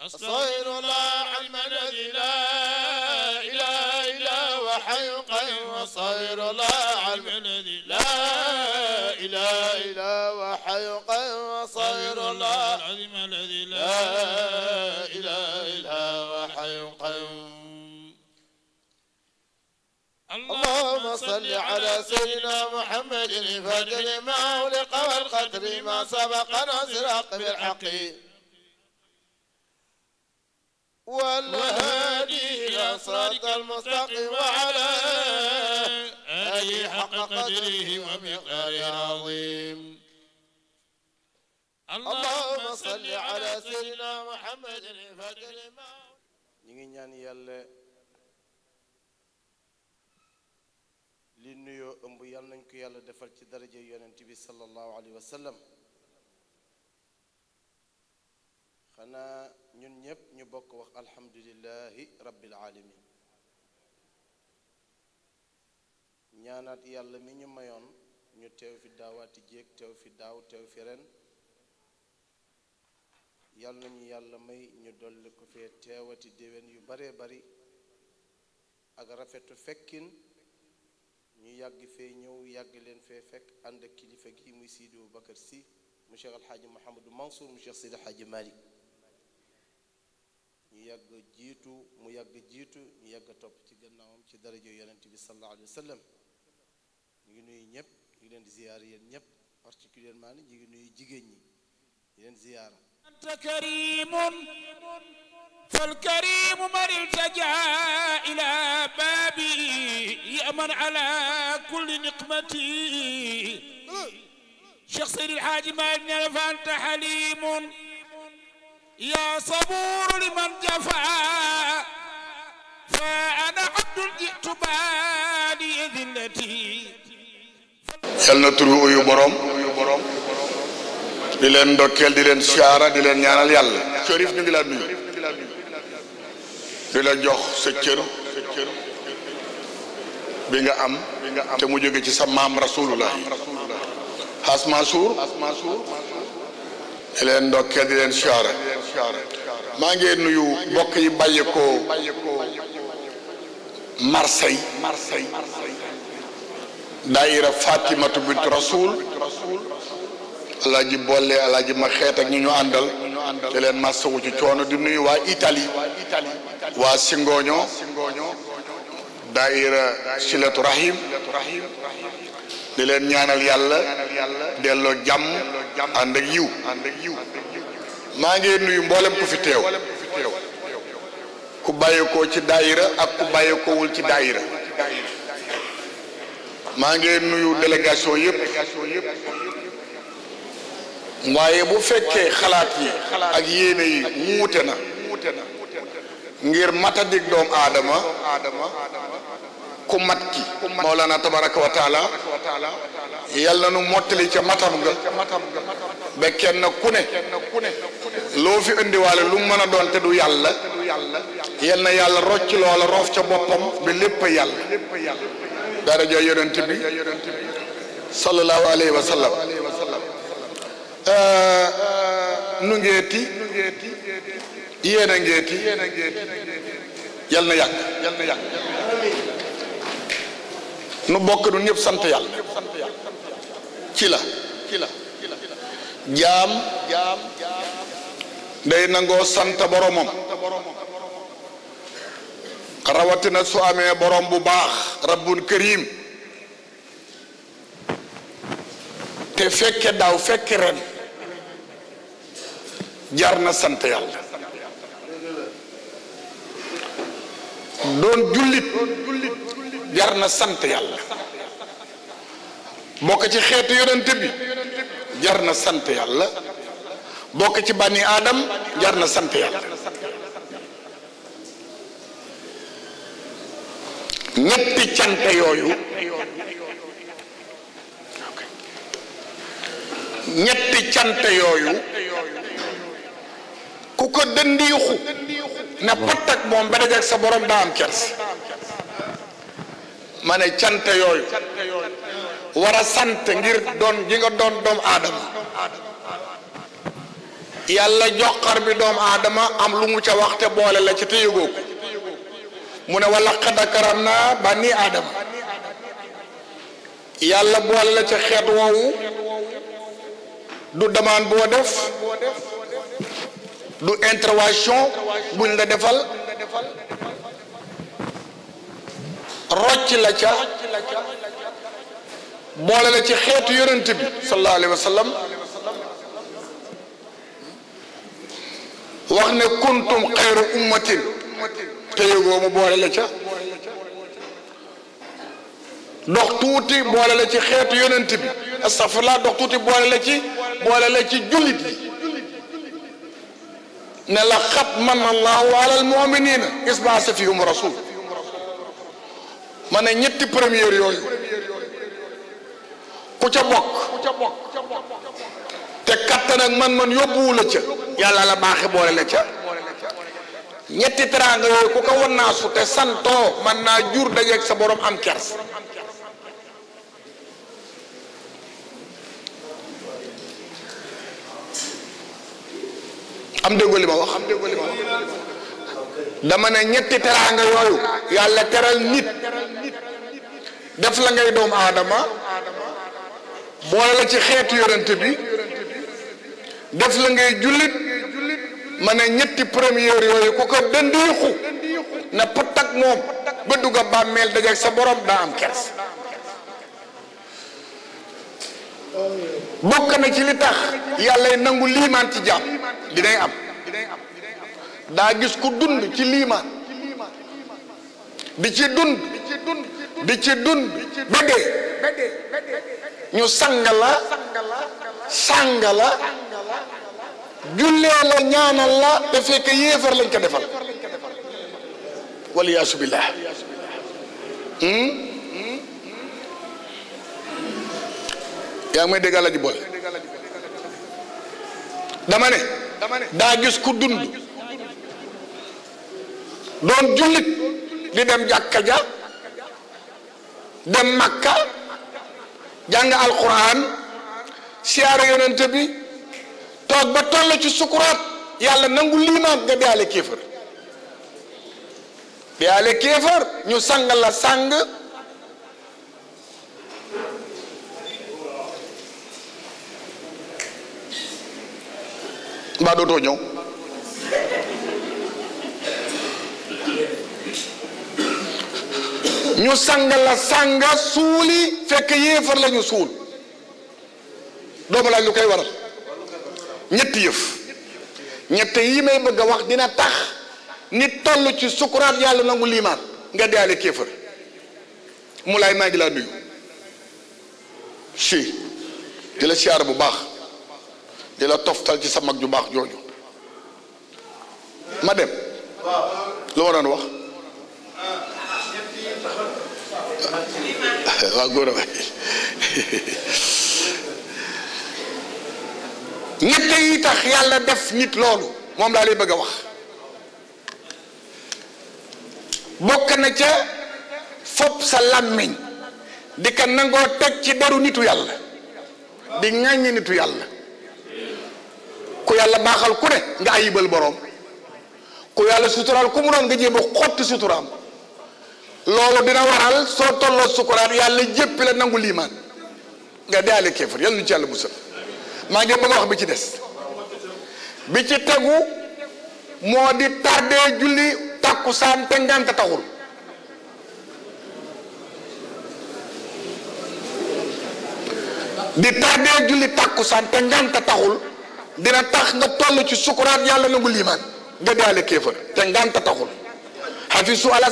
أستغفر الله علم الذي لا إله إلا هو حي قيوم أستغفر الله علم الذي لا إله إلا هو حي قيوم أستغفر الله العظيم الذي لا إله إلا هو حي قيوم اللهم صل على سيدنا محمد الفاتح لما أغلق والقدر ما سبق نصر بالحق والهادي صراط المستقيم وعلى اي حق قدره ومقدار عظيم اللهم صل على سيدنا محمد الفاتح الامام نيغي نان يالا لي نيو امبو يال درجه يونتبي صلى الله عليه وسلم xanaa ñun ñépp ñu bokk wax alhamdulillahi rabbil alamin ñaanaat yàlla mi ñu mayoon ñu teew fi daawaati jéeg teew fi daaw teew fi ren yàlla nañu yàlla may ñu dolli ko fee teewati déwén yu baree bari ak rafetu fekkin ñu yàgg fee ñëw yàgg leen fee fekk ànd ak kilifa gi muy Sidi Boubacar Sy mu Cheikh Alxaaji Mouhamadou Mansour mu Cheikh Sidi Alxaaji Malick yàgg jiitu mu yàgg jiitu ñu yàgg topp ci gannaawam ci darajo yonent bi sallallahu alayhi wa sallam ñu ngi nuyu ñëpp ñu ngi leen di ziyaar yéen ñëpp particulièrement ni ñu ngi nuyu jigéen ñi di leen ziyaara anta karimun fal karimu man iltaja ila baabi yaman ala kulli niqmati cheikh seydi alhaaji maalik ne fa anta halimun yaa sabuuru liman jafaa fa ana abdul jitu baadi dillati di leen ndokkeel di leen siyaara di leen ñaanal yàlla Cherif ñu ngi laa nuyu di la jox sa cër nga am te mu jóge ci sa maam rasulullah xas Mansour di leen ndokkeel di leen siyaara maa ngi nuyu mbokk yi bàyyi ko Marseille daayira Fatimatu bint Rasul alaaji boole alaaji ma xeet ak ñu ñu àndal te leen masawu ci coono di nuyu waa Italie waa Singoño daayira Silatu Rahim di leen ñaanal yàlla delloo jàmm ànd ak yiw maa ngi nuyu mboolem ku fi teew ku bàyyikoo ci daayira ak ku bàyyikoowul ci daayira maa ngi nuyu délégation yëpp waaye bu fekkee xalaat yi ak yéene yi wuute na ngir matadik doom aadama ku mat ki Mawlana tabaraka wa taala yal na nu mottali ca matam ga ba kenn ku ne loo fi indiwaale lu mën a doon te du yàlla yal na yàlla rocc loola roof ca boppam ba lépp yàlla dara joo yonent bi sallallahu alayhi wa sallam euh, nu ngeeti yéen a ngeeti yal na yàgg yal na nu bokk du ñëpp sant yàlla ci la jaam day nangoo sant boromam rawatina su amee borom bu baax rabbun karim te fekke daaw fekke ren jar na sant yàlla doon jullit jar na sant yàlla bokk ci xeetu yonente bi jar na sant yàlla bokk ci bànni aadam jar na sant yàlla ñetti cant yooyu ñetti cant yooyu ku ko dëndiixu na patt ak moom ba dajeek sa borom daa am kers ma ne cant yooyu war sant ngir doon gi nga doon doom aadama yàlla joxar bi doomu aadama am lu mu ca waxte boole la ca te yëgoo ko mu ne wala xadda karam naa ba aadama yàlla boole la ca xeet woowu du demande boo def du intervention buñ la defal rocc la ca مولاي تي خيت يونت بي صلى الله عليه وسلم واخني كنتم خير امتي تيغو مو بولا لا تي دوخ توتي لا تي خيت يونت بي استغفر الله دوخ توتي تي بولا تي جوليت نلا خط من الله على المؤمنين اسمع سفيهم رسول من نيتي بريمير يوي ku ca bokk te kattan ak man-man yóbbuwu la ca yàlla la baaxe boole la ca ñetti teraanga yooyu ku ko wan naa su te santoo man naa jur dajeeg sa boroom am kers am déggo li ma wax dama ne ñetti teraanga yooyu yàlla teral nit def la ngay doomu aadama boole la ci xeetu yonent bi def la ngay jullit ma ne ñetti première yooyu ku ko dëndiixu na pëtt ak moom ba dugg a bàmmeel dajeeg sa borom daa am kers bokk na ci li tax yàlla nangu liimaan ci jàmm dinay am daa gis ku dund ci liimaan di ci dund di ci dund ba dee ñu sanga la sanga la jullee la ñaanal la te fekk yéefar lañ ko defal waliyaasu billah hmm? yaa ngi may dégg alaji boole dama gis ku dund di dem jàkka ja dem makka jàng alquran siyaara yonente bi toog ba toll ci sukuraat yàlla nangu liimaam nga biyaale kéefër biyaale kéefër ñu sang la sang mbaa dootoo ñëw ñu sanga la sanga suuli fekk yéefar la ñu suul dooma laaj lu koy waral ñetti yëf ñett yi may bëgg wax dina tax nit toll ci sukuraat yàlla nangu liimaan nga deale kéefar mu laay maa ngi laa nuyu si di la siyaar bu baax di la toftal ci sa mag ju baax jooju ma dem lu waroon wax waaw góor a waay ñett yi tax yàlla def nit loolu moom laa lee bëgg a wax bokk na ca fopp sa làmmiñ di nangoo teg ci deru nitu yàlla di ŋàññi nitu yàlla ku yàlla baaxal ku ne nga ayibal boroom ku yàlla suturaal ku mu doon nga jéem xotti suturaam loolu dina waral soo tolloo sukuraat yàlla jéppi la nangu liimaan nga daale kéefar yàlla nu ci yàlla musal maa ngi bëgg a wax bi ci des bi ci tegu moo di tardee julli tàkkusaan te ngànt taxul di tardee julli tàkkusaan te ngànt taxul dina tax nga toll ci sukuraat yàlla nangu liimaan nga daale kéefar te ngànt taxul xafisu ala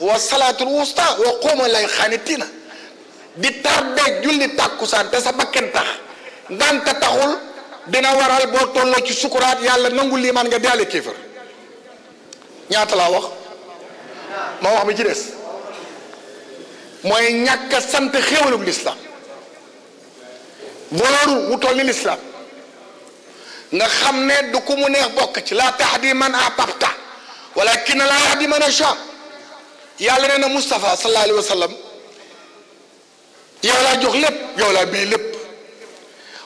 والصلاة الوسطى وقوم الله خانتنا دي تربة جلد تاكوسان تسا بكن تخ دان تتخل دينا ورال بوطن لكي شكرات يالا ننقل لي مانجا ديالي كفر نعت الله وخ ما وخ بجرس ما ينكا سنت خيول الإسلام ولو وطول الإسلام nga xamne du ku mu neex bok ci la tahdi man a papta wala kin la hadi man a shaq يالله نا مصطفى صلى الله عليه وسلم يالله جوخ لب يالله بي لب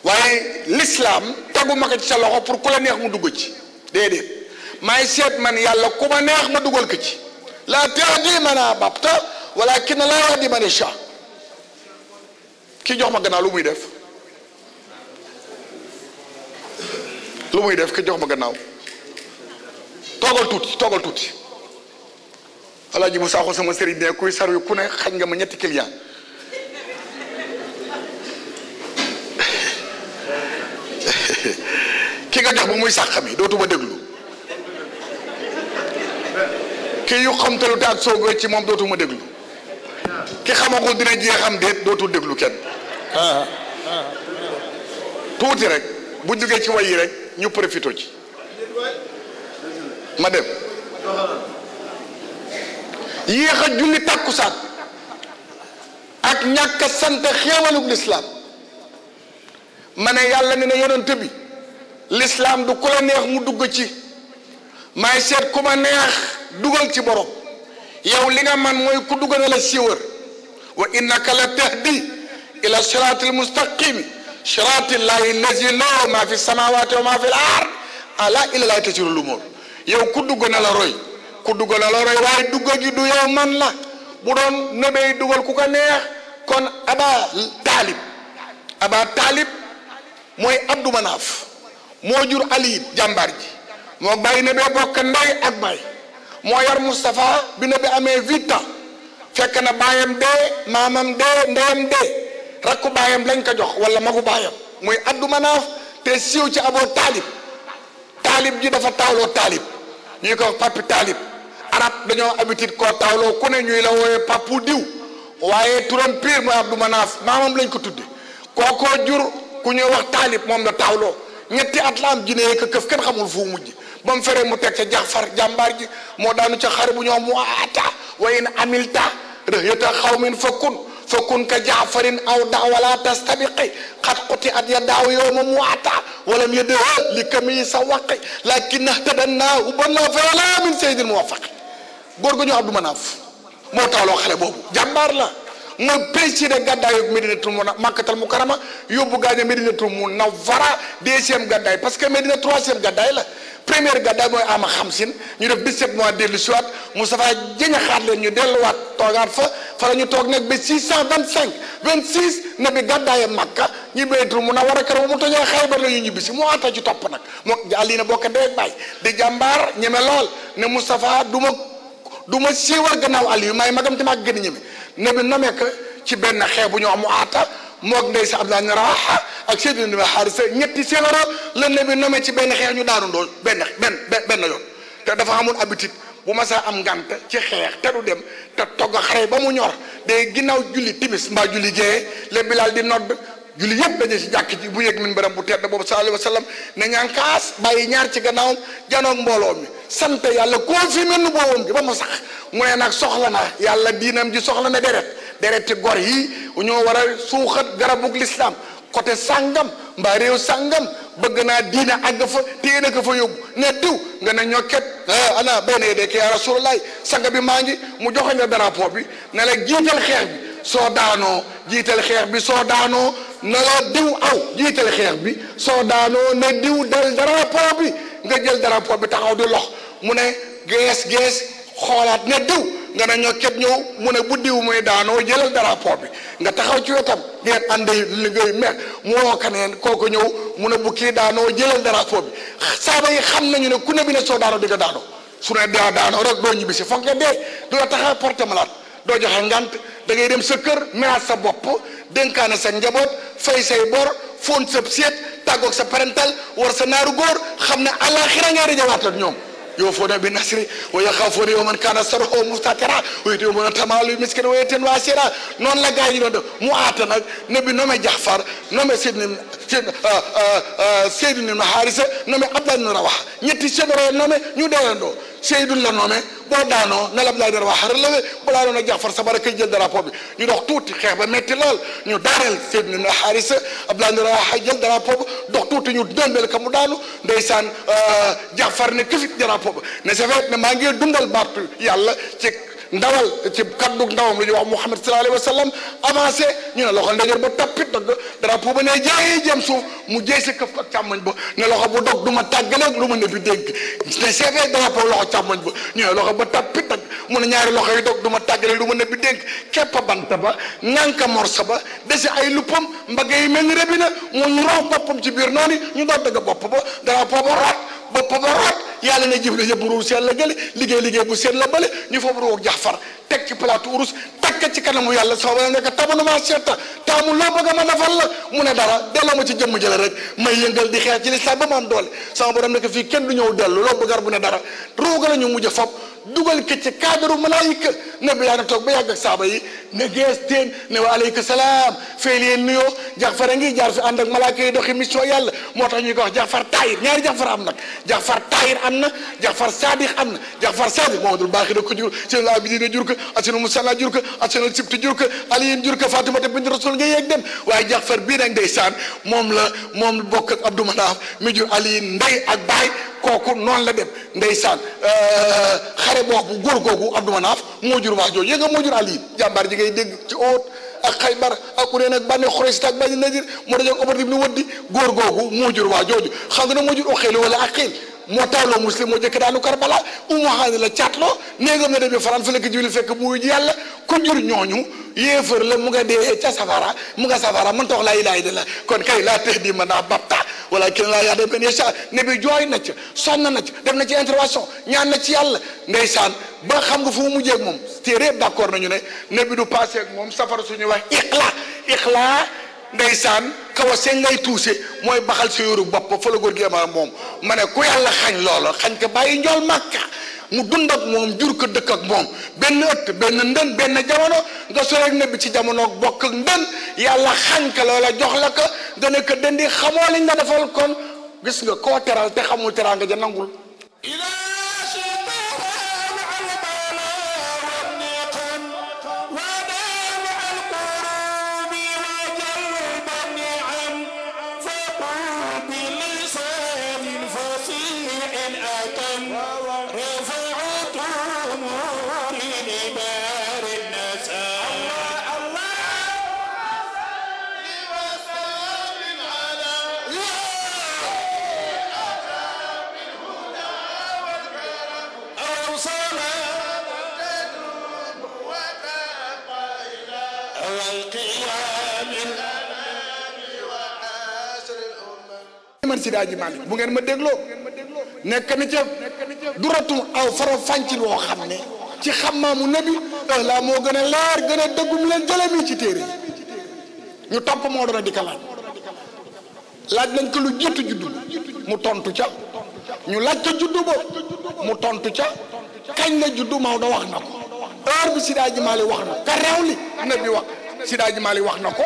واي الاسلام تاغو ماكا تي سالوخو بور كولا نيه مو دوجي ديدي ماي سيت مان يالله كوما نيه ما دوجول كتي لا تادي منا بابتا ولكن لا يهدي من يشاء كي جوخ ما غنا لوموي ديف لوموي ديف كي جوخ ما غناو توغل توتي توغل توتي alaaji bu saaxu sama sëriñ ne kuy saru ku ne xañ nga ma ñetti client ki nga tax ba muy sàq mi dootuma déglu ki yu xamtalu te ak soogoo ci moom dootuma déglu ki xamagul dina jeexam déet dootul déglu kenn tuuti rek bu jógee ci way yi rek ñu profité ci ma dem yéex a julli tàkkusaan ak ñàkk a sant xéewalub lislaam ma ne yàlla ne na yonante bi lislaam du ku la neex mu dugg ci maay seet ku ma neex dugal ci borom yow li nga man mooy ku dugg na la siiwër wa innaka la tahdi ila siraati almustaqimi siraati llahi lazi lahu ma fi samawati wa ma fi l ard ala ila laay tasiru lumóor yow ku dugg na la roy ku dugal a la waaye dugga gi du yow man la bu doon nëbey dugal ku ko neex kon aba taalib aba taalib mooy abdu manaaf moo jur ali jàmbaar ji moo bàyyi nëbee bokk ndey ak bay moo yar Moustapha bi nëbee amee huit ans fekk na baayam dee maamam dee ndeyam dee rakku baayam lañ ko jox wala magu baayam muy abdu manaaf te siiw ci aboo taalib taalib ji dafa taaloo taalib ñuy ko papi taalib arab dañoo habitude koo tawloo ku ne ñuy la wooyee papu diw waaye turam piir mooy Abdou Manaf maamam lañ ko tudde kookoo jur ku ñuy wax taalib moom la tawloo ñetti at la am jinne ka këf xamul fu mujj ba mu feree mu teg ca jaxfar jàmbaar ji moo daanu ca xare bu ñoo mu aata wa in amilta xaw xawmin fakkun fakkun ka jaafarin aw da wala tastabiqi xat xuti at ya daaw yow ma mu aata wala mu yëdde li kami sa waqi lakin nahtadannaahu ban naa fa góor gu ñu Abdou Manaf moo tawloo xale boobu jàmbaar la mooy président gàddaay yóbbu Médinatul mu màkkatal mu karama yóbbu gaañe Médinatul mu nawara deuxième parce que Médina troisième gàddaay la première gàddaay mooy ama xamsin ñu def 17 mois dellu si waat Moustapha jëñ a xaat leen ñu la ñu toog na bi gàddaaye Makka ñu Médinatul mu nawara kër bu mu tojee Xaybar la ñu ñibbi si moo ata ci topp nag moo ali na bokk dee bàyyi di jàmbaar ñeme lool ne Moustapha du du ma siiwal gannaaw Aliou may magam te maa gën a ñeme ne bi nomee ko ci benn xeex bu ñu am mu aata moog ndey sa Abdallah ne Rawaha ak Seydina Ndima Harisa ñetti séeréer la ne bi ci benn xeex ñu daanu doon benn benn benn yoon te dafa amoon habitude bu ma saa am ngant ci xeex te dem te togg xare ba mu ñor day ginnaaw julli tibis mbaa julli géeye le bilaal di nodd julli yëpp dañu ci jàkk ji bu yëg min baram bu tedd boobu sallallahu alayhi wa sallam ne ñaan kaas bàyyi ñaar ci gannaaw janoog mbooloo mi sant yàlla confirmé nu boobam gi ba mu sax mu ne nag soxla na yàlla diinam ji soxla na deret dereti gor yi ñoo war a suuxat garabug lislaam côté sàngam mbaa réew sàngam bëgg naa diina àgg fa téye na ko fa yóbbu ne diw nga ne ñokket ah, ana benn yedee ki yaa bi maa ngi mu joxe nga bi ne la jiital xeex bi soo daanoo jiital xeex bi soo daanoo ne la diw aw jiital xeex bi soo daanoo ne diw dal drapeau bi nga jël drapeau bi taxaw di lox mu ne gees gees xoolaat ne diw nga ne ñoo képp ñëw mu ne bu diw mooy daanoo jëlal drapeau bi nga taxaw ci wetam ngeen ànd liggéey meex mu woo kaneen kooku ñëw mu ne bu kii daanoo jëlal drapeau bi saaba yi xam nañu ne ku ne bi ne soo daanoo di nga daanoo su ne daa daanoo rek doo ñibbisi foog nga dee du la taxaw porte malade doo joxe ngànt da ngay dem sa kër menaat sa bopp dénkaane sa njaboot fay say bor fóon sa seet sa parental war sa naaru góor xam ne àllaaxira ngay dajawaat ak ñoom yow foo na bi nasri wa yaxaafoona yawman kaana sarruhu mustatira wa yutiimuuna tamalu miskina wa yatiiman wa asiira noonu la gars yi doon def mu aata nag ne bi nommé Jaafar nommé Seydina Seydina Harisa ah, ah, ah, nommé Abdallah ibn Rawaha ñetti généraux nommé ñu doo Seydul la nommé boo daanoo na la Abdoulaye Dore la relevé balaa doon a Jaafar Sabara kay jël drapeau bi ñu dox tuuti xeex ba metti lool ñu daaneel Seydul na xaarisa Abdoulaye Dore wax jël drapeau dox tuuti ñu dëmbeel ka mu daanu ndeysaan euh, Jaafar ne këfit drapeau ba ne sa fait ne maa ngi dundal baatu yàlla ci ndawal ci kaddu ndawam lu ñuy wax Muhammad sallallahu ñu ne loxo ndeyjoor ba tappit dagg drapeau ba ne jaayee mu jeey sa këf ak càmmoñ ba ne loxo bu dog du ma tàggaleeg lu ma ne bi dénk ne loxo càmmoñ ba ñu ne loxo ba tappit dagg mu ne ñaari loxo dog du ma tàggaleeg lu ma ne bi dénk keppa banta ba ŋànka morsa ba dese ay luppam mbagg yi mel ni rebi na mu ñu roof boppam ci biir noonu ñu doon dagg bopp ba drapeau ba raat boppam rek yàlla na jëf la yëpp ruur seen la gële liggéey liggéey bu seen la bële ñu foofu ruur jaxfar teg ci plateau urus takk ci kanamu yàlla soo ba nekk tabanuma seeta taamu loo bëgg ma nafal la mu ne dara delloo ma ci jëmm jële rek may yëngal di xeex ci lislaam ba ma am doole sama borom nekk fii kenn du ñëw dellu loo bëggar bu dara ruuga la ñu mujj fop dugal ko ci cadre malaayika na bi yaa na toog ba yàgg ak saaba yi nga gees teen ne wa aleyka salaam fee leen nuyoo jaxfar a ngi jaar fi ànd ak malaaka mission yàlla moo tax ñuy ko wax jaxfar taayir ñaari jaxfar am nag jaxfar taayir am na jaxfar saadix am na jaxfar saadix mamadul baaxi da ko jur seen la abidina jur ko asinu musalla jur ko asinu sibti jur ko aliyin jur ko fatimata bint rasul nga yeeg dem waaye jaxfar bii nag saan moom la moom bokk ak abdou manaaf mi jur aliyin ndey ak baay koku non la dem ndeysaan xare bobu gor gogu Abdou manaf mo jur wax jooju yega mo jur ali jambar ji ngay deg ci óot ak khaybar ak Uréen ak bani khurays tak bani Nadir mu dajeeg opportunité bi lu wëddi góor googu moo jur wax jooju xam nga mo jur o Uqayl wala Aqiil moo tawloo muslim moo jëkk daanu karbala umu xaani la caatloo néegam na demee faran fa la ko jibil fekk bu ji yàlla ku jur ñooñu yéefar la mu nga dee ca safara mu nga safara mën tax laa ilaaha illallaah kon kay laa tex di mën naa babta wala kenn ne sa ne bi jooy na ci def na ci intervention ñaan na ci yàlla ndeysaan ba xam nga fu mu mujjee moom téere yëpp d'accord nañu ne ne du passé moom safara suñu wax iqla iqla ndeysaan kaw a seen ngay tuuse mooy baxal si yoru bopp fa la góor gi ma moom ma ne ku yàlla xañ loola xañ ko bàyyi njool màkka mu dund ak moom jur ko dëkk ak moom benn ëtt benn ndën benn jamono nga sore ak nëbbi ci jamono bokk ak ndën yàlla xañ ka loola jox la ko dana ko dëndi xamoo liñ la defal kon gis nga koo teral te xamul nga ja nangul Seydi Hadji Malick bu ngeen ma dégloo nekk na ca du ratu aw faro fànci woo xam ne ci xammaamu nabi laa moo gën a leer gën a dëggum leen jëlemi ci téere ñu topp moo doon a di ka laaj laaj nañ ko lu jiitu juddu mu tontu ca ñu laaj ca juddu ba mu tontu ca kañ la juddu Maodo wax na ko heure bi Seydi Hadji Malick wax na ka reew li nabi wax Seydi Hadji Malick wax na ko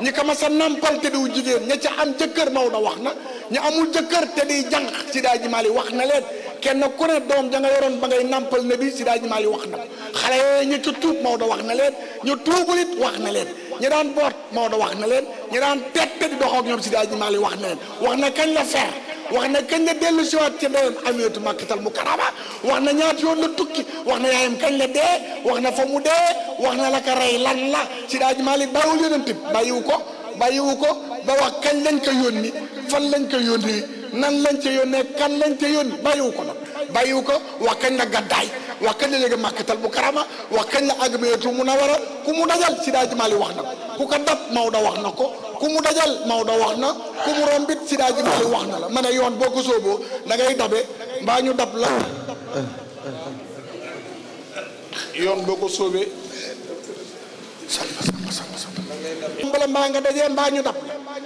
ñi ka ma sa nampal te du jigéen ña ca am ca kër maw Maodo wax na ñu amul jëkkër te di jànq si daa ji maali wax na leen kenn ku ne doom ja yoroon ba ngay nampal ne bi si daa maali wax na xale yooyu ñu ci tuub Maodo wax na leen ñu tuubul it wax na leen ñu daan boot Maodo wax na leen ñu daan tett di dox ak ñoom si daa ji maali wax na leen wax na kañ la fer wax na kañ la dellu si waat ci ndeyam Aminatu Makkatal Mukarrama wax na ñaat yoon la tukki wax na yaayam kañ la dee wax na fa mu dee wax na la ka rey lan la si daa ji maali bàyyiwul yonent bi bàyyiwu ko bàyyiwu ko ba wax kañ lañ ko yónni fan lañ ko yónnee nan lañ ca yónnee kan lañ ca yónnee bàyyiwu ko nag bàyyiwu ko wax kañ la gàddaay wax kañ la léegi màkkatal bu karama wax kañ la àgg meetu mun a war ku mu dajal si daa jimaali wax na ko ku ko dab Maodo wax na ko ku mu dajal Maodo wax na ku mu rombit si daa jimaali wax na la ma yoon boo ko sóoboo da ngay dabe mbaa ñu dab la yoon boo ko sóobee samba samba mbala mbaa nga dajee mbaa ñu dab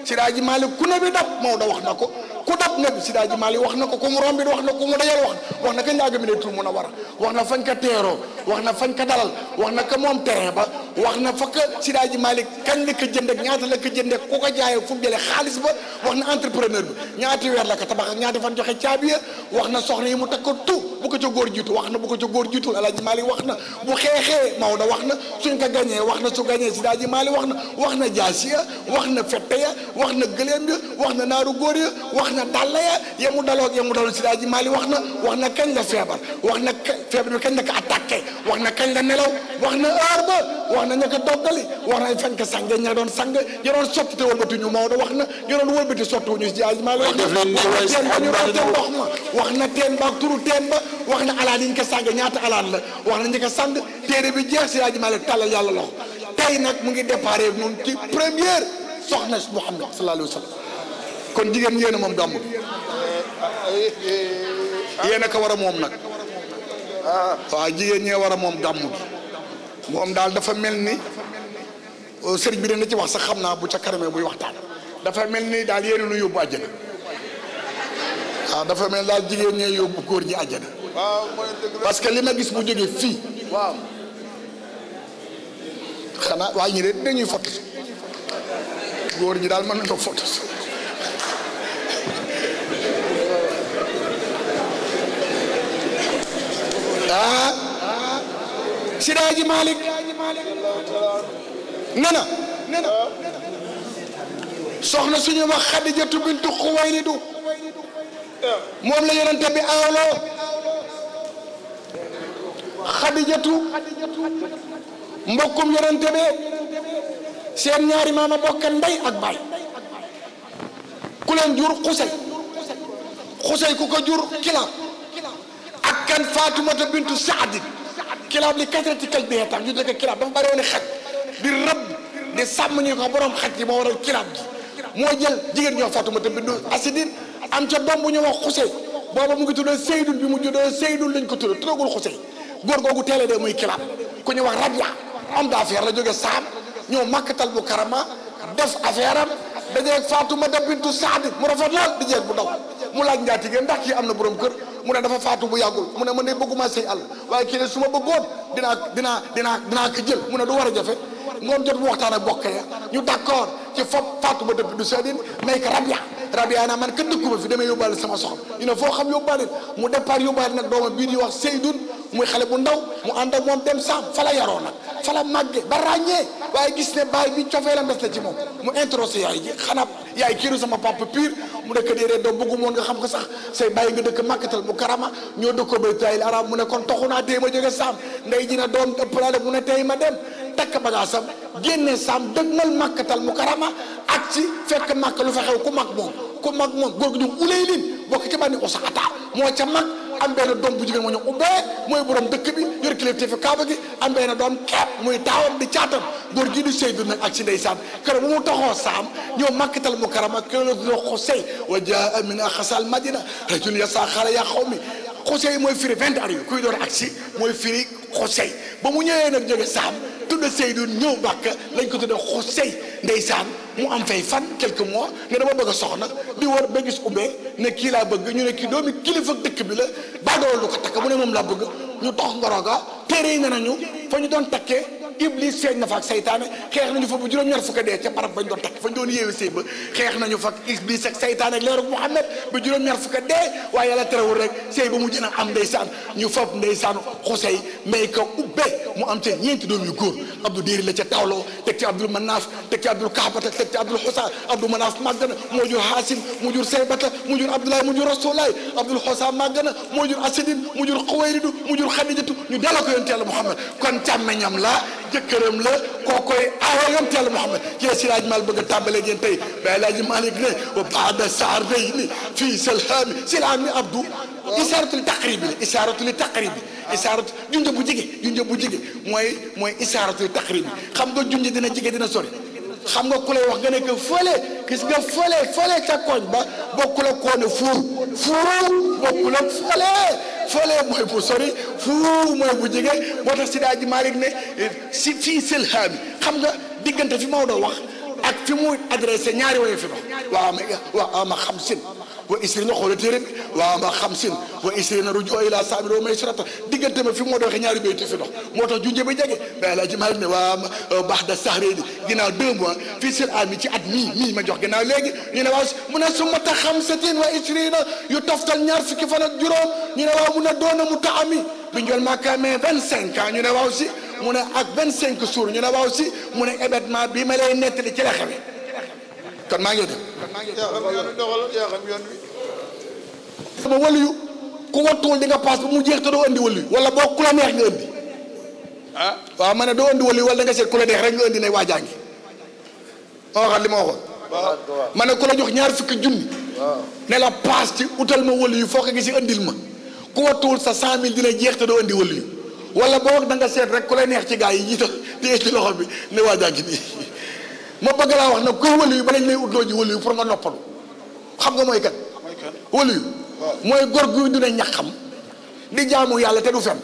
Siraaji Maalik ku ne bi dab Maodo wax na ko ku dab ne bi Siraaji Maalik wax na ko ku mu rombit wax na ko ku mu dajal wax na a war wax na ka teeroo wax na fañ ka dalal wax na ka moom terrain ba wax na la ko jëndee ak ñaata la ko jëndee ku ko jaayee fu mu jëlee xaalis ba na entrepreneur bi ñaati weer la ko tabax ak ñaati fan joxe caabi wax na soxna yi mu takk ko tout bu ca góor wax na bu ko ca góor jiitu Alaaji wax na bu xeexee wax na suñ ko gañee wax ya wax na gëléem ya wax na naaru góor ya wax na dàll ya yamu daloog yamu daloog si daal ji maali wax na wax na kañ la feebar wax na feebar bi kañ la ko attaqué wax na kañ la nelaw wax na heure ba wax na ña ko doggali wax na fañ ko sànge ña doon sàng ña doon sotti te wëlbati ñu wax na ña doon wëlbati sotti ñu si daal ji maali wax na wax ma wax na teen ba turu teen ba wax na alaan yi ñu ko ñaata alaan la wax na ña ko sàng téere bi jeex si daal ji maali tàllal yàlla loxo tey nag mu ngi déparé nun ci première soxna Muhammad sallallahu alayhi wa sallam kon jigéen yéen a moom gàmmu bi yéen a ko war a moom nag waaw jigéen ñee war a moom gàmmu bi moom daal dafa mel ni euh, sëriñ bi dana ci wax sax xam naa bu ca karame buy waxtaan dafa mel ni daal yéen lu yóbbu àjjana waaw dafa mel daal jigéen ñee yóbbu góor ñi àjjana parce que li gis bu jógee fii waaw xanaa waaye ñi de dañuy fott góor ñi daal mën nañoo foto ah Sidaaji Malick nena nena soxna suñu wax Xadijatu bintu Xuwaylidu moom la yonente bi aawloo Xadijatu mbokkum yonente bi seen ñaari maama bokkan ndey ak baay ku leen jur xusey xusey ku ko jur kilaab ak kan faatumata bintu saadin kilaab li kasrati kaj bee tax ñu dëkk kilaab dafa bari woon xaj di rëbb di sàmm ñu ko borom xaj yi moo waral kilaab gi moo jël jigéen ñoo faatumata bintu asidin am ca doom bu ñu wax xusey booba mu ngi tuddee seydul bi mu juddoo seydul lañ ko tuddee tuddagul xusey góor googu teelee de muy kilaab ku ñu wax rabia homme d'affaires la jóge saam ñoo makkatal bu karama def affaire am dajeeg Faatumata bintu Saad mu rafet laal di jeeg bu ndaw mu laaj njaatige ndax kii am na borom kër mu ne dafa faatu bu yàggul mu ne man de bëgguma sëy àll waaye kii ne su ma bëggoon dinaa dinaa dinaa dinaa ko jël mu ne du war a jafe ngoon jot mu waxtaan ak bokk ya ñu d'accord ci fob Faatumata bintu Saadin may ko Rabia Rabia naa man kat dëkkuma fi damay yóbbaale sama soxna ñu foo xam yóbbaale mu départ yóbbaale nag doomam bii di wax Seydun muy xale bu ndaw mu ànd ak moom dem saam fa la yaroo nag fa la ba ràññee waaye gis ne baay bi cofeelam des na ci moom mu introsé yaay ji xanaa yaay kiiru sama papa pire mu nekk déedéet doom bëggu moon nga xam ko sax say bàyyi nga dëkk màkkatal mu karama ñoo dëkkoo bay taayil arab mu ne kon toxu naa tey ma jóge saam ndey ji na doom ëpp naa mu ne tey ma takk bagaasam génne saam dëgmal màkkatal mukarama ak ci fekk màkk lu fa xew ku mag moom ku mag moom góor gu ñu uley lin bokk ci bànni usaxata moo ca mag am benn doom bu jigéen moo ñu ubbee mooy borom dëkk bi yor kilifte fi kaaba gi am benn doom képp mooy taawam di caatam góor gii du sëy du nag ak si ndeysaan keroog bu mu taxoo saam ñëw màkkatal mukarama kër la dina xosey wa jaa min axasal madina rajul yasa xala ya xaw mi xosey mooy firi vingt ans yu kuy door agsi mooy firi xosey ba mu ñëwee nag jóge saam tudd Seydou ñëw Mbàkke lañ ko tuddee xosey ndeysaan mu am fay fan quelques mois ne dama bëgg a soxna di war ba gis umbee ne kii laa bëgg ñu ne kii doomi kilifa dëkk bi la baa doon lu ko takk mu ne moom laa bëgg ñu tox ngoro téere yi ne nañu fa ñu doon takkee iblis feeñ na fak ak saytaane nañu fa bu juróom-ñaar fukk de ci barab bañ doon tak fañ doon yéewi sëy ba xeex nañu fak iblis ak saytaane ak leeru Muhammad bu juróom-ñaar fukk de waaye yàlla terewul rek sëy ba mujj na am ndeysaan ñu fop ndeysaan xusey may ko ubbe mu am ca ñent doom yu góor abdou déeri la ci tawlo teg ci abdou manaf teg ci abdou kahba teg ci abdou xusa abdou manaf magana mo jur hasim mo jur saybata mo jur abdullah mo jur rasulaay abdou xusa magana mo jur asidin mo jur xawayridu mo jur khadijatu ñu delloo ko yàlla muhammad kon chamagnam la jëkkëram la koo koy aar yonent yàlla Muhammad jee si laaj mal bëgg a tàmbalee ngeen tey bay laaj Malick ne wa baada saar day ni fii salhaami silaami abdou isaaratu li taqrib la isaaratu li taqrib isaaratu junj bu jige junj bu jige mooy mooy isaaratu li taqrib xam nga junj dina jige dina sori xam nga ku lay wax nga ne que fële gis nga fële fole ca koñ ba bokkul ak koo ne fuur fuur bokkul ak fële fële mooy bu sori fuur mooy bu jege moo tax Seydi Hadji Malick ne si fii sëlhaa bi xam nga diggante fi Maodo wax ak fi muy adressé ñaari woye fi ba waa ma waa xam sin وإسرين خلو خولتين وما خمسين وإسرين رجوع إلى سامر وميسرات ديجا تم في مودو خنيار بيتي في نخ جنجة جونجي بيجي بلا جمال وام بعد السهر جنا دم في سر أمي تي اد مي مي ما جوخ جنا لغي نينا واس منا ثم خمسين وإسرين يتفتل نيار فكي فانا جروم نينا واس منا دون متعمي بنجول ماكا 25 كان ñu ne منا أك 25 كسور ñu ne منا si ما ne événement bi كلا خمي كان ما la yaa xam yoon wi doxalal yaa xam yoon wi. ba waliyu ku wattuwul di nga paas ba mu jeex te doo andi waliyu wala boo ku la neex nga andi ah waaw ma ne doo indi waliyu wala da nga seet ku la neex rek nga andi ne waajaa ngi ma waxaat li ma ne ku la jox ñaar fukki junni. ne la paas ci utal ma waliyu foo ko gisi andil ma ku wattuwul sa cent mille dina jeex te doo andi waliyu wala boo da nga seet rek ku la neex ci gaa yi jiital téye ci loxo bi ne waajaa ngi nii. ma bëgg laa wax nag kuy wëli ba lañ lay utloo ji wëli yu pour nga noppalu xam nga mooy kan wëli mooy góor gu dina ñaxam di jaamu yàlla te du fen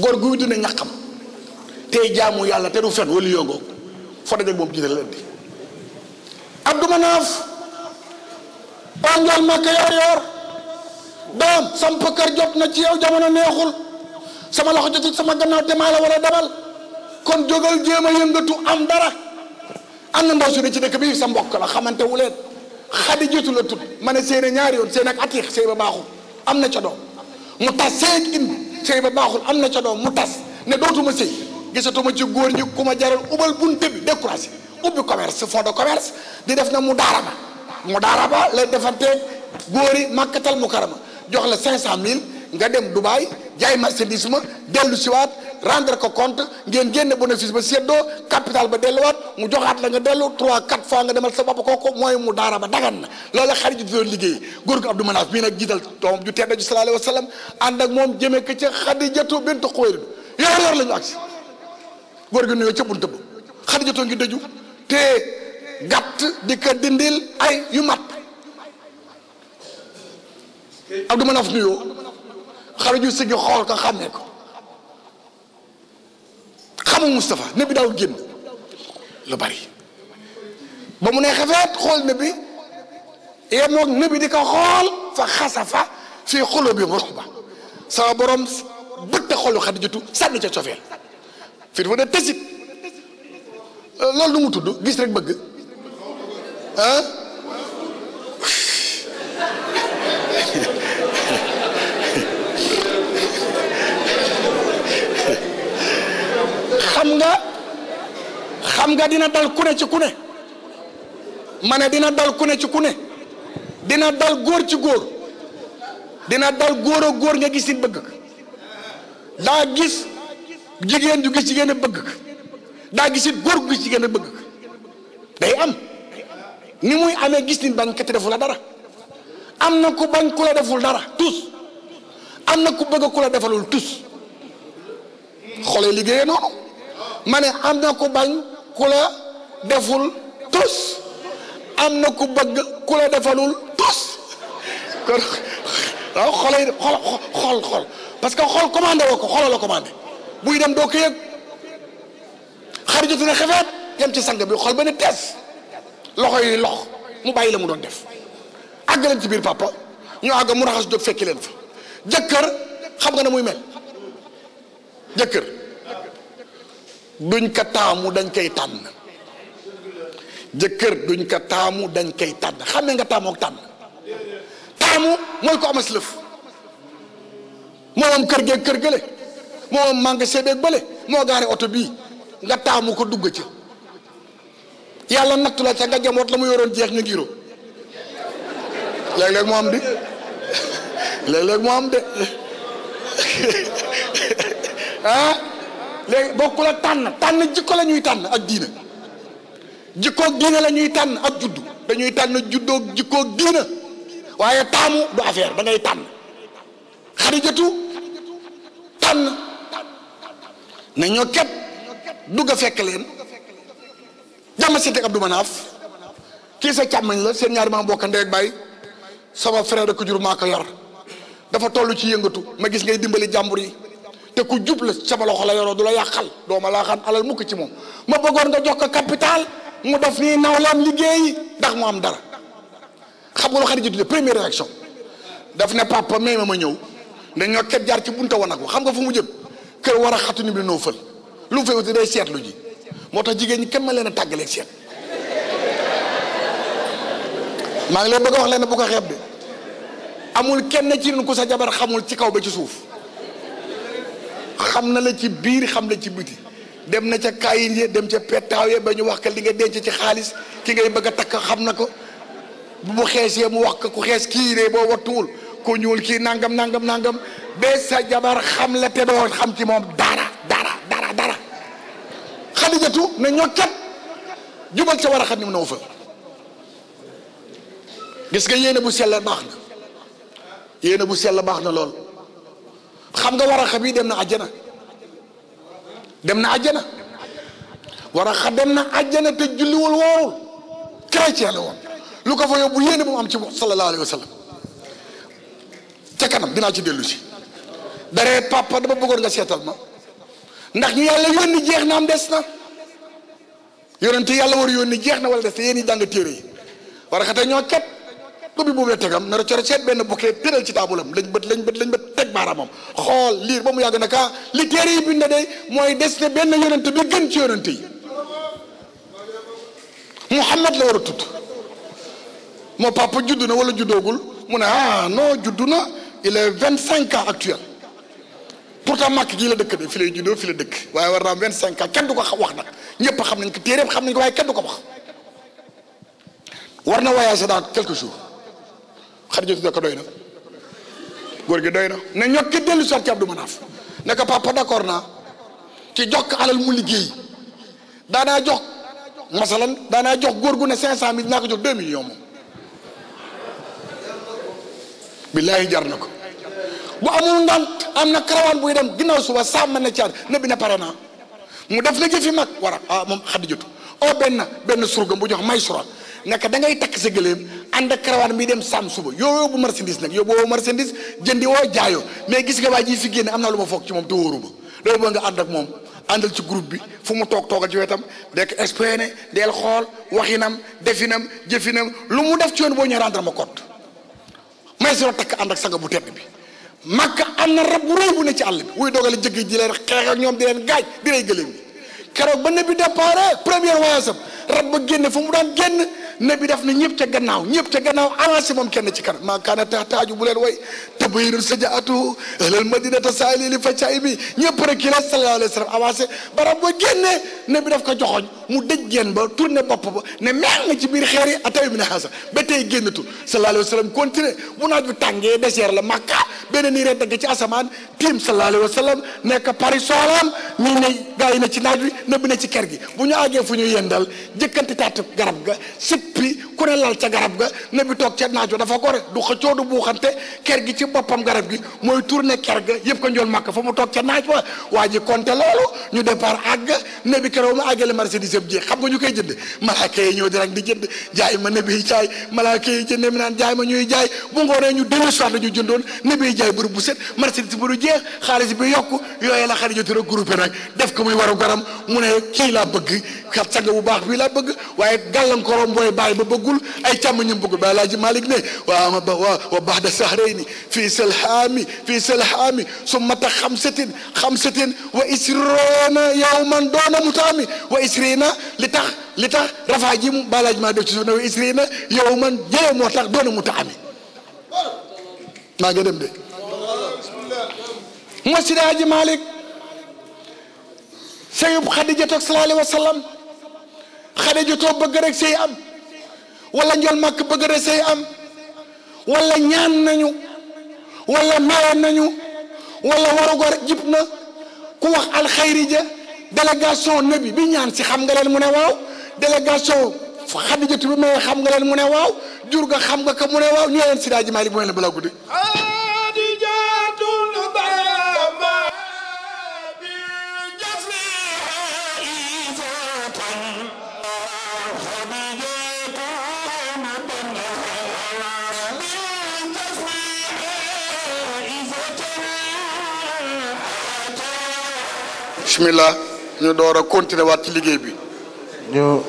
góor gu dina ñaxam tey jaamu yàlla te du fen wëli yoo ngoo foo dajeek moom jiital la indi Abdou Manaaf pànjool Makka yoor yoor doom samp kër jot na ci yow jamono neexul sama loxo jotul sama gannaaw te maa la war a demal kon jógal jéem a yëngatu am dara am na ndaw si ne ci dëkk bi sa mbokk la xamante wu leen xadi jotu la tudd ma ne seen ñaari yoon seen ak atiix sëy ba baaxul am na ca doom mu tas seeg in sëy ba baaxul am na ca doom mu tas ne dootuma sëy gisatuma ci góor ñi ku ma jaral ubal bunte bi découragé ubbi commerce fond de commerce di def na mu daara ba mu daara ba lay defanteeg góor yi màkkatal jox la cinq cent mille nga dem Dubaay jaay marchandise ma dellu siwaat rendre ko compte ngeen génne bénéfice ba séddoo capital ba delluwaat mu joxaat la nga dellu trois quatre fois nga demal sa bopp kooku mooy mu daara ba dagan na loolu xarit ji doon liggéey góor gu Abdou Manaf bii nag jiital doom ju tedd ju sallallahu alayhi wa sallam ànd ak moom jëmee ko ca Xadijatu bint Xuwaylid yor yor la ñu agsi góor gi nuyoo ca ngi dëju te gàtt di ko dindil ay yu mat Abdou Manaf nuyoo xarit ju sigi xool ko xàmmee ko xamul Moustapha ne bi daawul génn lu bari ba mu ne xefeet xool ne bi yemoog ne bi di ko xool fa xasafa fii xolo bi ruux ba sama borom bëtt xolu Xadijatu sànni ca cofeel fii dafa ne tësit loolu lu mu tudd gis rek bëgg ah xam nga dina dal ku ne ci ku ne dina dal ku ne ci ku ne dina góor ci góor dina dal góor góor nga gis nit bëgg daa gis jigéen ju gis jigéen a bëgg daa gis it góor gu gis jigéen a bëgg day am ni muy amee gis nit bañ kati deful la dara am na ku bañ ku la deful dara tus am na ku bëgg ku la defalul tus xoolee liggéeyee noonu ma ne am na ku bañ ku la deful tus am na ku bëgg ku la defalul tus waaw xolay xol xol xol parce que xol commandé woo ko xoloo la commandé buy dem doo ko yëg xar jotu na xefeet yem ci sang bi xol ba ne tees loxo yi lox mu bàyyi la mu doon def àgg leen ci biir papa ñu àgg mu raxas jóg fekki leen fa xam nga ne muy mel jëkkër duñ ko dan dañ koy tànn jëkkër duñ ko taamu dañ koy tànn xamee nga taamu ak tànn taamu mooy ko amas lëf moo am kër geeg kër gële moo am magasin beeg bële moo gaare oto bii nga taamu ko dugg nattu la ca nga jeex nga am di am de ah léegi bokkul ak tànn tànn jikko la ñuy tànn ak diina jikkoog diina la ñuy tànn ak juddu dañuy tànn juddoog jikkoog diina waaye taamu du affaire da ngay tànn xarijatu tànn na ñoo képp dugg a fekk leen jàmm si teg Abdou Manaaf kii sa càmmañ la seen ñaari maam bokk ndey ak sama frère ko jur yor dafa toll ci yëngatu ma gis ngay dimbali jàmbur yi te ku jub la sama la yoroo du la yàqal doo ma laa xam alal mukk ci moom ma bëggoon nga jox ko capital mu def nii nawlaam liggéey ndax mu am dara xam nga lu xarit ji tuddee première daf ne papa may ma ma ñëw ne ñoo jaar ci bunta wanag wa xam nga fu mu jëm kër war a xatu ni bi noo fël lu mu fay wuti day seetlu ji moo tax jigéen ñi kenn ma leen a tàggaleeg seet maa ngi leen bëgg a wax leen bu ko xeeb de amul kenn ci ñun ku sa jabar xamul ci kaw ba ci suuf xam na la ci biir xam la ci biti dem na ca kayit ya dem ca pettaaw ya ba ñu wax ka li nga denc ci xaalis ki ngay bëgg a takk xam na ko bu mu xeesee mu wax ko ku xees kii de boo wattuwul ku ñuul kii nangam nangam nangam ba sa jabar xam la te doo xam ci moom dara dara dara dara xadijatu na ñokkat sa war a xam ni mu ne gis nga yéene bu sell baax na yéene bu baax na lool xam nga war a xam yi dem na àjjana dem na àjjana war a xa dem na àjjana te julliwul woorul chrétien la woon lu ko fa yóbbu yéene bu mu am ci sallallahu alayhi wa sallam ca kanam dinaa ci dellu si daree papa dama bëggoon nga seetal ma ndax ñu yàlla yónni jeex na am des na yonente yàlla war yónni jeex na wala des na yéen ñi jàng téere yi war a xate ñoo ket bu bi boobu la tegam nar a seet benn bukkee tëral ci taabulam lañ bët lañ bët baaraamam xool liir ba mu yàgg na li téere yi bind day mooy des ne benn yonent bi gën ci yonent yi Muhammad la war a tudd moo papa judd na wala juddoogul mu ne ah non juddu na il est vingt cinq ans actuel pourtant màkk gii la dëkk de fi lay juddoo fi la dëkk waaye war naa am vingt cinq ans kenn du ko wax na ñëpp xam nañ ko téeréem xam nañ ko waaye kenn ko wax war na voyager dans quelques jours xarit doy na góor gi doy na ne ñokk ki dellu sot ci Abdou Manaf ne ko papa d'accord naa ci jox alal mu liggéey daanaa jox masalan daanaa jox góor gu ne cinq cent mille naa ko jox deux millions moom billaahi jar na ko bu amul ndant am na karawaan buy dem ginnaaw suba sàmm ne caar ne bi ne pare mu def la jëfi mag war a ah moom xaddi jotu o benn benn surga bu jox may surat Nak da ngay takk sa gëléem ànd ak karawaan bi dem sàmm suba yooyu bu marchandise nag yo. woo marchandise jëndi woo jaayoo mais gis nga waa ji fi génn am na lu ma ci moom te wóoru nga ak ci groupe bi fu mu ci wetam del waxinam definam jëfinam lu mu def ci yoon boo ñëwee rendre ma compte may soo takk ànd ak sanga bu tedd bi màkk am na rab ne ci àll bi wuy leen ak di leen gaaj di lay ba fu mu daan nabi def na ñëpp ca gannaaw ñëpp ca gannaaw avancé moom kenn ci kanam maa kaana tax taaju bu leen way tabayirul sajaatu ahlal madinata a li fa caay bi ñëpp rek kii la sallallahu alayhi wa sallam avancé barab ba génnee nabi def ko joxoñ mu dëj génn ba tourné bopp ba ne meel ci biir xeer yi atawi mina xaasa ba tey génnatul sallallahu alayhi wa sallam bu naaj bi tàngee désert la Makka beneen nii rek dagg ci asamaan tiim salaal alayhi wa sallam nekk Paris soolaam ñi ne gars yi ne ci naaj wi nabi ne ci kër gi bu ñu àggee fu ñu yendal jëkkante taatu garab ga sippi ku ne lal ca garab ga ne toog ca naaj dafa gore du xëccoo du buuxante ker gi ci boppam garab gi mooy tourné ker ga yëpp ko njool màkk fa mu toog ca naaj wa waa ji compté loolu ñu départ àgg ne bi keroog mu àggale marchandise yëpp ji xam nga ñu koy jënd malaaka yi ñëw di rek di jënd jaay ma ne bi jaay malaaka yi jënd mi naan jaay ma ñuy jaay bu ngoonee ñu dellu soit ñu jëndoon ne bi jaay bërëb bu set marchandise bu du jeex xaalis bi yokku yooyu la xarit joti regroupé nag def ko muy waru mu ne kii laa bëgg kat sang bu baax bii laa bëgg bàyyi ba bëggul ay càmmañam bëggul bàyyi laaji Malick ne wa ama ba wa wa baxda sahrayni fii salhaami fii salhaami summata xamsatin xamsatin wa isrona yawman doona mutaami wa isrina li tax li tax rafaa ji bàyyi laaji Malick def ci suuf ne wa isrina yawman jëlee moo tax doona mutaami maa ngi dem de moo si daaji Malick sayub Xadija toog sallallahu alayhi wa sallam Xadija toog bëgg rek say am wala njal màkk bëgg resey am wala ñaan nañu wala maye nañu wala warugar jib na ku wax alxayri ja délégation na bi ñaan si xam nga leen mu ne waaw délégation xadijatu bi maye xam nga leen mu ne waaw jur ga xam nga ko mu ne waaw ñu leen si daa ji maali bu mel ne balaa guddi ah! bismillah ñu door a continuer waat ci liggéey bi ñu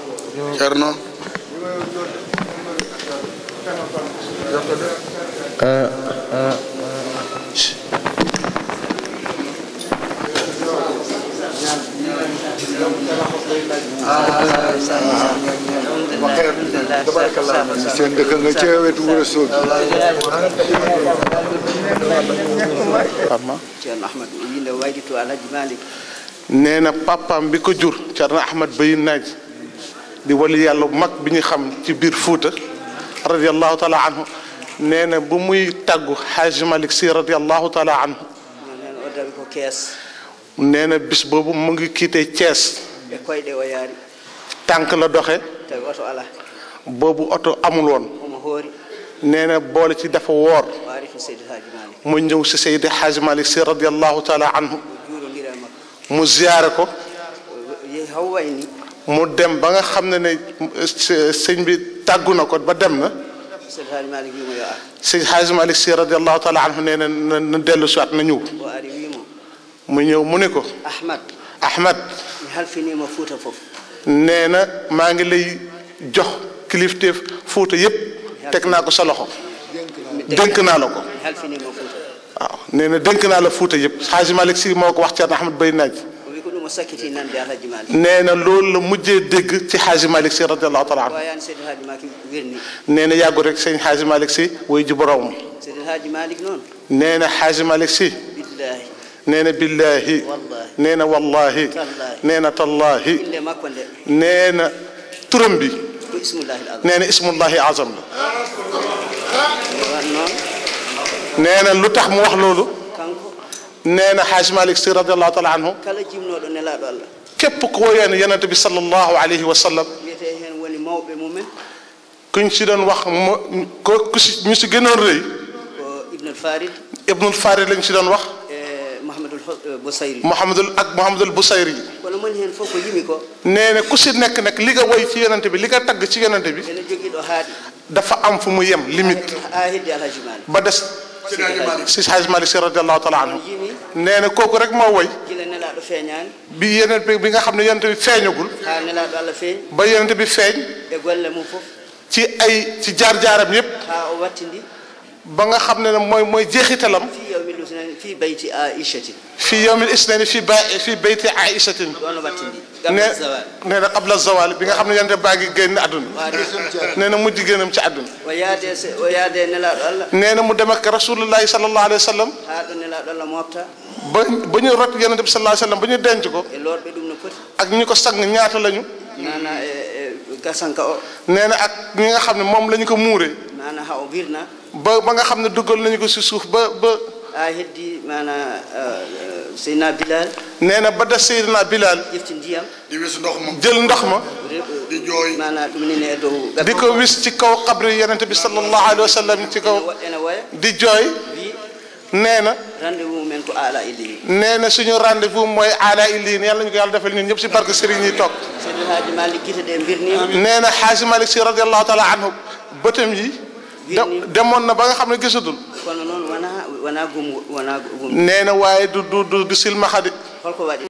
Cerno seen dëkk nga ca wetu Wuro Sogi Cheikh Ahmed nee na papaam bi ko jur Thierno Ahmed Bayi Naaj di wali yàlla bu mag bi ñu xam ci biir Fuuta radiallahu taala anhu nee na bu muy tàggu Xaaji Malik Si radiallahu taala anhu nee na bis boobu mu ngi kiite Cees tànk la doxe boobu oto amul woon nee na boole ci dafa woor mu ñëw si Seydi Xaaji Malik Si radiallahu taala anhu mu ziyaare ko mu dem ba nga xam ne ne sëñ bi tàggu na ko ba dem na sëñ Xaaji Malik Si radiallahu taala anhu nee na na dellu si waat na ñëw mu ñëw mu ne ko Ahmad Ahmad nee na maa ngi lay jox kilifteef Fuuta yépp teg naa ko sa loxo dénk naa la ko waaw nee na dénk naa la Fuuta yëpp xaaji Malick si moo ko wax Thierno Ahmed Bay naaj nee na loolu la mujjee dégg ci xaaji Malick si radiallahu taala anhu nee na yàggu rek sëñ xaaji Malick si way ji boroom nee na xaaji Malick si nee na billaahi nee na wallaahi nee na tallaahi nee na turam bi nee na ismullahi azam la نانا لوتاح مو لولو نانا حاجم عليك سي رضي الله تعالى عنه كيف كوين يانا تبي صلى الله عليه وسلم كن سيدان واخ كوسي ميسي غنون ري ابن الفارد ابن الفارد لين سيدان واخ محمد البصيري محمد الاك محمد البصيري ولا من هين فوكو يمي كو نينا كوسي نك نك ليغا واي في يانتبي ليغا تاغ سي يانتبي دا فا ام فمو يم ليميت با دس سي حاج مالك رضي الله تعالى عنه نانا كوكو رك ما واي بي يانت بي بيغا خامني يانت بي فاجنغول با يانت بي فاجن دغول مو فوف تي اي تي جار جارام ييب ها واتيندي باغا خامني موي موي جيخيتالام في يوم الاثنين في بيت عائشه في يوم الاثنين في بيت عائشه دغول واتيندي nee na qabla zawal bi nga xam ne yonent baa ngi génn àdduna nee na mujj génnam ci àdduna nee na mu dem ak rasulullahi sallallahu alayhi wa sallam ba ba ñu rot yonent bi sallallahu alayhi wa sallam ba ñu denc ko e ak ñu ko sang ñaata lañu e, e, nee na ak ñi nga xam ne moom la ko muuree ba ba nga xam ne duggal nañu ko si suuf ba ba أهدي معنا آه، سيدنا بلال نينا بدا سيدنا بلال يفتن ديام ديويس نخمة ديل نخمة ديجوي معنا منين أدو ديكو ويس تيكو قبر يننتبي صلى الله عليه وسلم تيكو ديجوي نينا راندفو منتو على إلي نينا سنو راندفو موي على إلي نيال لنكو يال دفل نين يبسي برق سريني توك سيدنا حاجي مالك كيسة دين بيرني نينا حاجي مالك سي رضي الله تعالى عنه بتم جي demon na ba nga xamne gisatul kon nee na waaye du du du silmaxa de